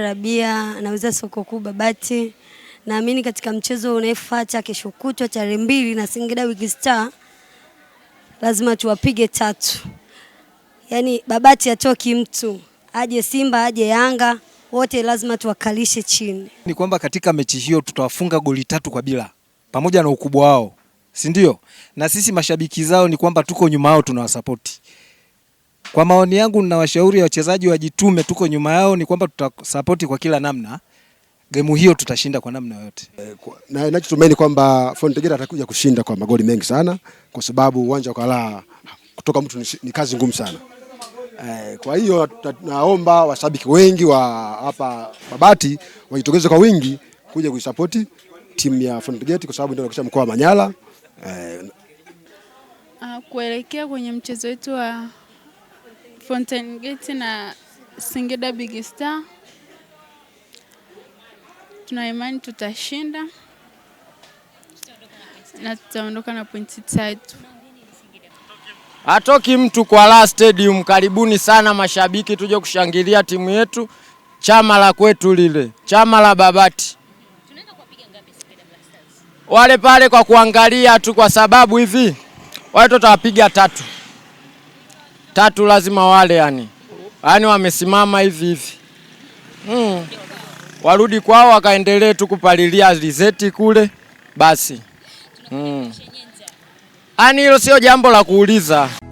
Rabia anaweza soko kuu Babati. Naamini katika mchezo unaefuata kesho kutwa tarehe mbili na Singida Wiki Star, lazima tuwapige tatu. Yaani Babati atoki mtu, aje Simba aje Yanga, wote lazima tuwakalishe chini. Ni kwamba katika mechi hiyo tutawafunga goli tatu kwa bila, pamoja na ukubwa wao, si ndio? Na sisi mashabiki zao ni kwamba tuko nyuma yao, tunawasapoti. Kwa maoni yangu na washauri wachezaji wajitume, tuko nyuma yao, ni kwamba tutasapoti kwa kila namna. Gemu hiyo tutashinda kwa namna yote, eh, na ninachotumaini kwamba Fontegera atakuja kushinda kwa magoli mengi sana, kwa sababu uwanja wa Kalaa kutoka mtu ni kazi ngumu sana. Eh, kwa hiyo naomba washabiki wengi wa hapa Babati wajitokeze kwa wingi kuja kuisapoti timu ya Fontegeti kwa sababu ndio kisha mkoa wa Manyara eh. Ah, kuelekea kwenye mchezo wetu wa Fountain Gate na Singida Big Star. Tuna imani tutashinda na tutaondoka na pointi tatu. Hatoki mtu kwa la stadium. Karibuni sana mashabiki, tuje kushangilia timu yetu, chama la kwetu lile, chama la Babati wale pale, kwa kuangalia tu, kwa sababu hivi watu tutawapiga tatu tatu lazima wale yani, yani wamesimama hivi hivi mm. Warudi kwao wakaendelee tu kupalilia alizeti kule basi mm. Ani hilo sio jambo la kuuliza.